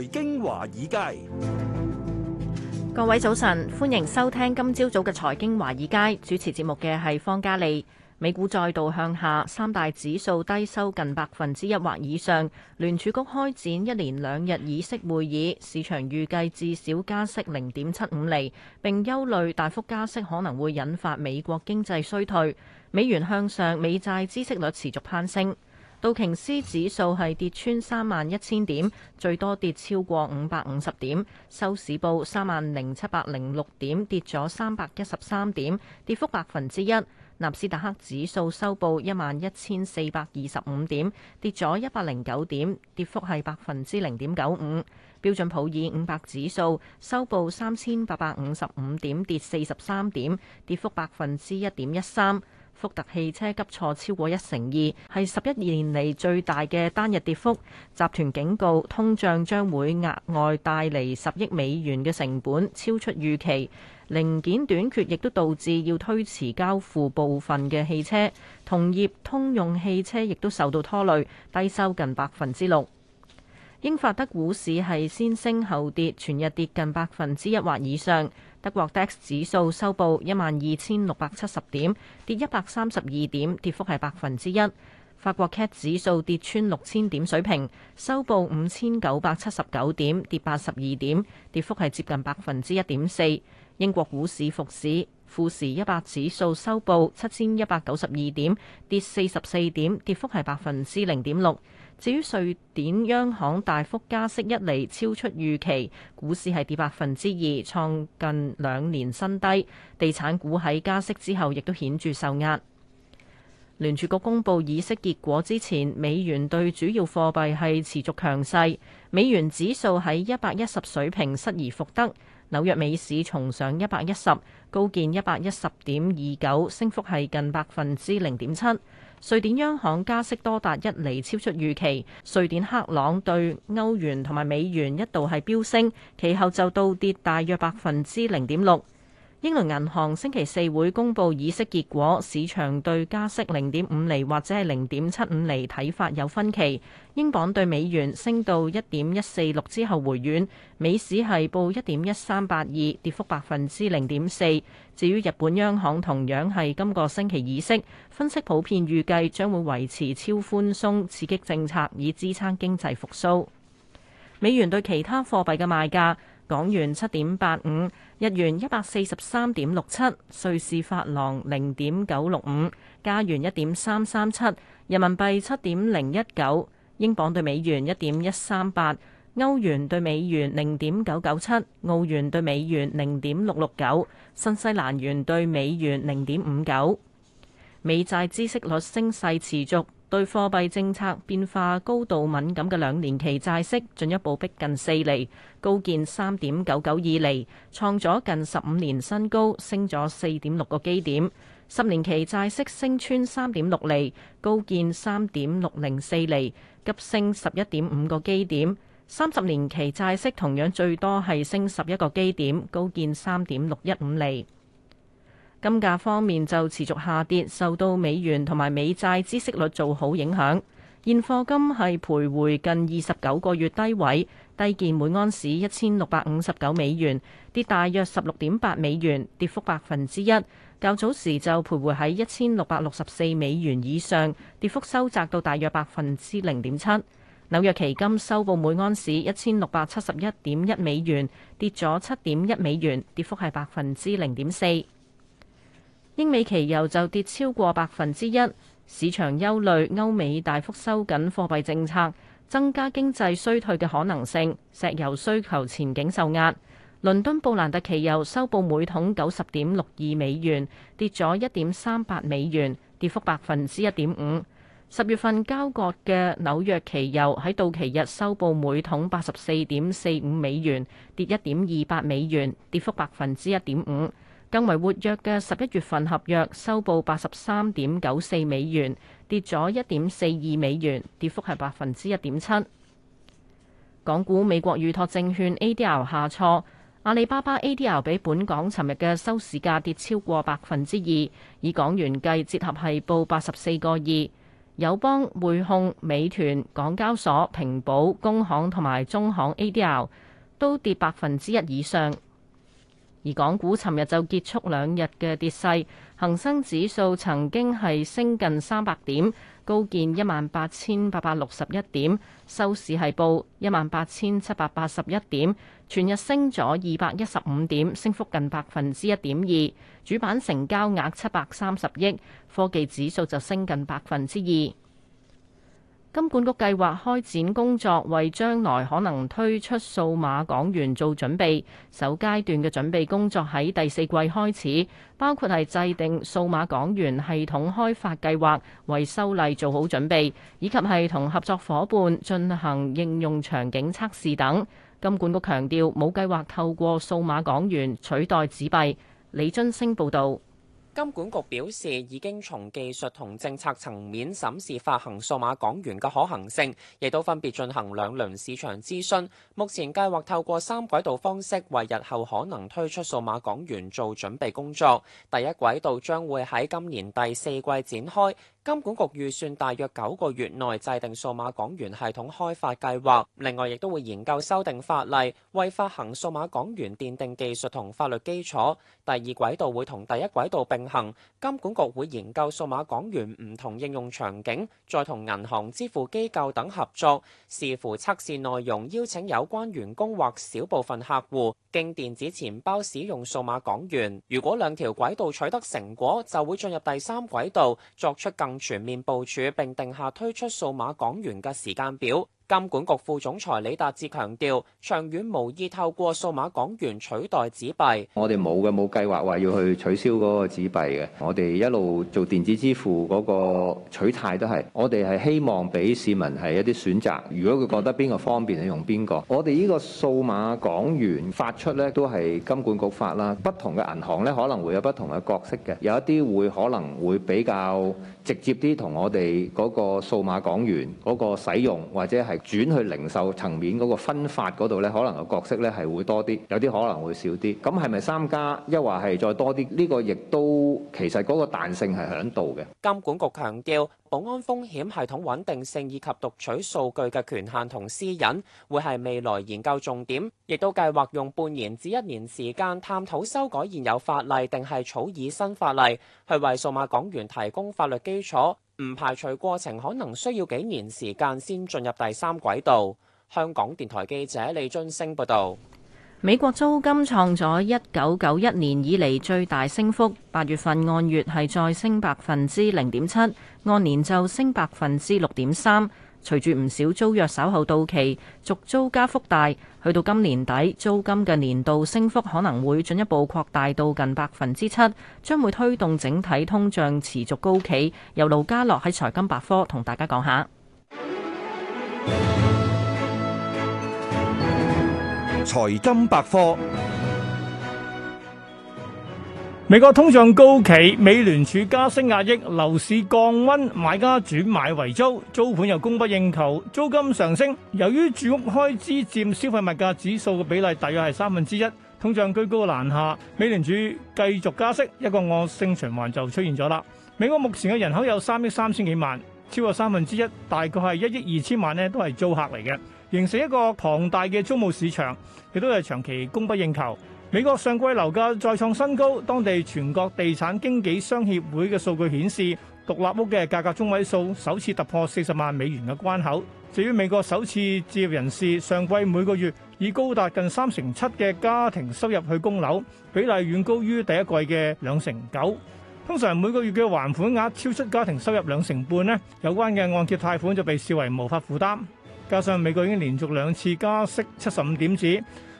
財經華爾街，各位早晨，歡迎收聽今朝早嘅財經華爾街。主持節目嘅係方嘉利。美股再度向下，三大指數低收近百分之一或以上。聯儲局開展一連兩日議息會議，市場預計至少加息零點七五厘，並憂慮大幅加息可能會引發美國經濟衰退。美元向上，美債孳息率持續攀升。道瓊斯指數係跌穿三萬一千點，最多跌超過五百五十點，收市報三萬零七百零六點，跌咗三百一十三點，跌幅百分之一。納斯達克指數收報一萬一千四百二十五點，跌咗一百零九點，跌幅係百分之零點九五。標準普爾五百指數收報三千八百五十五點，跌四十三點，跌幅百分之一點一三。福特汽車急挫超過一成二，係十一年嚟最大嘅單日跌幅。集團警告通脹將會額外帶嚟十億美元嘅成本，超出預期。零件短缺亦都導致要推遲交付部分嘅汽車。同業通用汽車亦都受到拖累，低收近百分之六。英法德股市係先升後跌，全日跌近百分之一或以上。德國 DAX 指數收報一萬二千六百七十點，跌一百三十二點，跌幅係百分之一。法國 CAC 指數跌穿六千點水平，收報五千九百七十九點，跌八十二點，跌幅係接近百分之一點四。英國股市復市。富時一百指數收報七千一百九十二點，跌四十四點，跌幅係百分之零點六。至於瑞典央行大幅加息一厘，超出預期，股市係跌百分之二，創近兩年新低。地產股喺加息之後，亦都顯著受壓。聯儲局公布議息結果之前，美元對主要貨幣係持續強勢，美元指數喺一百一十水平失而復得。紐約美市重上一百一十，高見一百一十點二九，升幅係近百分之零點七。瑞典央行加息多達一厘，超出預期。瑞典克朗對歐元同埋美元一度係飆升，其後就倒跌大約百分之零點六。英倫銀行星期四會公布議息結果，市場對加息零點五厘或者係零點七五厘睇法有分歧。英鎊對美元升到一點一四六之後回軟，美市係報一點一三八二，跌幅百分之零點四。至於日本央行同樣係今個星期議息，分析普遍預計將會維持超寬鬆刺激政策以支撐經濟復蘇。美元對其他貨幣嘅賣價。港元七點八五，日元一百四十三點六七，瑞士法郎零點九六五，加元一點三三七，人民幣七點零一九，英鎊對美元一點一三八，歐元對美元零點九九七，澳元對美元零點六六九，新西蘭元對美元零點五九。美債孳息率升勢持續。對貨幣政策變化高度敏感嘅兩年期債息進一步逼近四厘，高見三點九九二厘，創咗近十五年新高，升咗四點六個基點。十年期債息升穿三點六厘，高見三點六零四厘，急升十一點五個基點。三十年期債息同樣最多係升十一個基點，高見三點六一五厘。金價方面就持續下跌，受到美元同埋美債孳息率做好影響，現貨金係徘徊近二十九個月低位，低見每安士一千六百五十九美元，跌大約十六點八美元，跌幅百分之一。較早時就徘徊喺一千六百六十四美元以上，跌幅收窄到大約百分之零點七。紐約期金收報每安士一千六百七十一點一美元，跌咗七點一美元，跌幅係百分之零點四。英美期油就跌超過百分之一，市場憂慮歐美大幅收緊貨幣政策，增加經濟衰退嘅可能性，石油需求前景受壓。倫敦布蘭特期油收報每桶九十點六二美元，跌咗一點三八美元，跌幅百分之一點五。十月份交割嘅紐約期油喺到期日收報每桶八十四點四五美元，跌一點二百美元，跌幅百分之一點五。更為活躍嘅十一月份合約收報八十三點九四美元，跌咗一點四二美元，跌幅係百分之一點七。港股美國預託證券 ADR 下挫，阿里巴巴 ADR 比本港尋日嘅收市價跌超過百分之二，以港元計，折合係報八十四個二。友邦、匯控、美團、港交所、平保、工行同埋中行 ADR 都跌百分之一以上。而港股尋日就結束兩日嘅跌勢，恒生指數曾經係升近三百點，高見一萬八千八百六十一點，收市係報一萬八千七百八十一點，全日升咗二百一十五點，升幅近百分之一點二。主板成交額七百三十億，科技指數就升近百分之二。金管局計劃開展工作，為將來可能推出數碼港元做準備。首階段嘅準備工作喺第四季開始，包括係制定數碼港元系統開發計劃，為修例做好準備，以及係同合作伙伴進行應用場景測試等。金管局強調冇計劃透過數碼港元取代紙幣。李津星報道。金管局表示，已經從技術同政策層面審視發行數碼港元嘅可行性，亦都分別進行兩輪市場諮詢，目前計劃透過三軌道方式，為日後可能推出數碼港元做準備工作。第一軌道將會喺今年第四季展開。金管局預算大約九個月內制定數碼港元系統開發計劃，另外亦都會研究修訂法例，為發行數碼港元奠定技術同法律基礎。第二軌道會同第一軌道並行，金管局會研究數碼港元唔同應用場景，再同銀行、支付機構等合作，視乎測試內容，邀請有關員工或少部分客戶經電子錢包使用數碼港元。如果兩條軌道取得成果，就會進入第三軌道，作出更全面部署並定下推出數碼港元嘅時間表。金管局副總裁李達志強調，長遠無意透過數碼港元取代紙幣。我哋冇嘅，冇計劃話要去取消嗰個紙幣嘅。我哋一路做電子支付嗰個取態都係，我哋係希望俾市民係一啲選擇，如果佢覺得邊個方便你用邊個。我哋呢個數碼港元發出咧都係金管局發啦，不同嘅銀行咧可能會有不同嘅角色嘅，有一啲會可能會比較直接啲同我哋嗰個數碼港元嗰個使用或者係。轉去零售層面嗰個分發嗰度咧，可能個角色咧係會多啲，有啲可能會少啲，咁係咪三家一，或係再多啲，呢個亦都其實嗰個彈性係響度嘅。金管局強調保安風險系統穩定性以及讀取數據的權限同私隱會係未來研究重點，亦都計劃用半年至一年時間探討修改現有法例，定係草擬新法例,去為數碼港元提供法律基礎。唔排除過程可能需要幾年時間先進入第三軌道。香港電台記者李俊升報道，美國租金創咗一九九一年以嚟最大升幅，八月份按月係再升百分之零點七，按年就升百分之六點三。隨住唔少租約稍後到期，續租加幅大，去到今年底，租金嘅年度升幅可能會進一步擴大到近百分之七，將會推動整體通脹持續高企。由盧家樂喺財金百科同大家講下。財金百科。美國通脹高企，美聯儲加息壓抑樓市降温，買家轉買為租，租盤又供不應求，租金上升。由於住屋開支佔消費物價指數嘅比例大約係三分之一，3, 通脹居高嘅難下，美聯儲繼續加息，一個惡性循環就出現咗啦。美國目前嘅人口有三億三千幾萬，超過三分之一，3, 大概係一億二千萬，呢都係租客嚟嘅，形成一個龐大嘅租務市場，亦都係長期供不應求。美國上季樓價再創新高，當地全國地產經紀商協會嘅數據顯示，獨立屋嘅價格中位數首次突破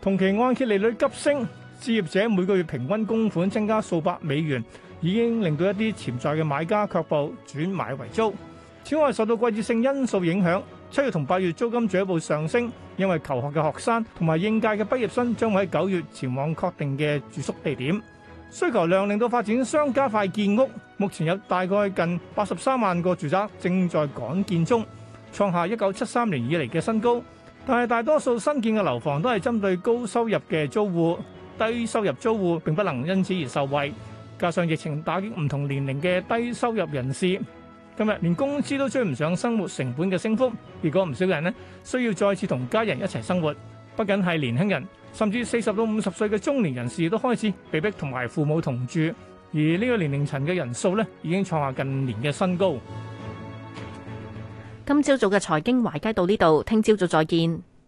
同期按揭利率急升，置業者每個月平均供款增加數百美元，已經令到一啲潛在嘅買家卻步轉買為租。此外，受到季節性因素影響，七月同八月租金進一步上升，因為求學嘅學生同埋應屆嘅畢業生將會喺九月前往確定嘅住宿地點，需求量令到發展商加快建屋。目前有大概近八十三萬個住宅正在趕建中，創下一九七三年以嚟嘅新高。但係大多數新建嘅樓房都係針對高收入嘅租戶，低收入租戶並不能因此而受惠。加上疫情打擊唔同年齡嘅低收入人士，今日連工資都追唔上生活成本嘅升幅，結果唔少人呢需要再次同家人一齊生活。不僅係年輕人，甚至四十到五十歲嘅中年人士都開始被逼同埋父母同住，而呢個年齡層嘅人數呢已經創下近年嘅新高。今朝早嘅財經華爾街到呢度，聽朝早再見。